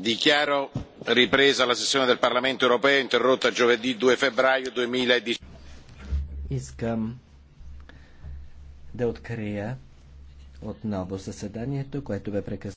dichiaro ripresa la sessione del parlamento europeo interrotta giovedì due febbraio. искам да открия отново заседанието което бе прекъснато.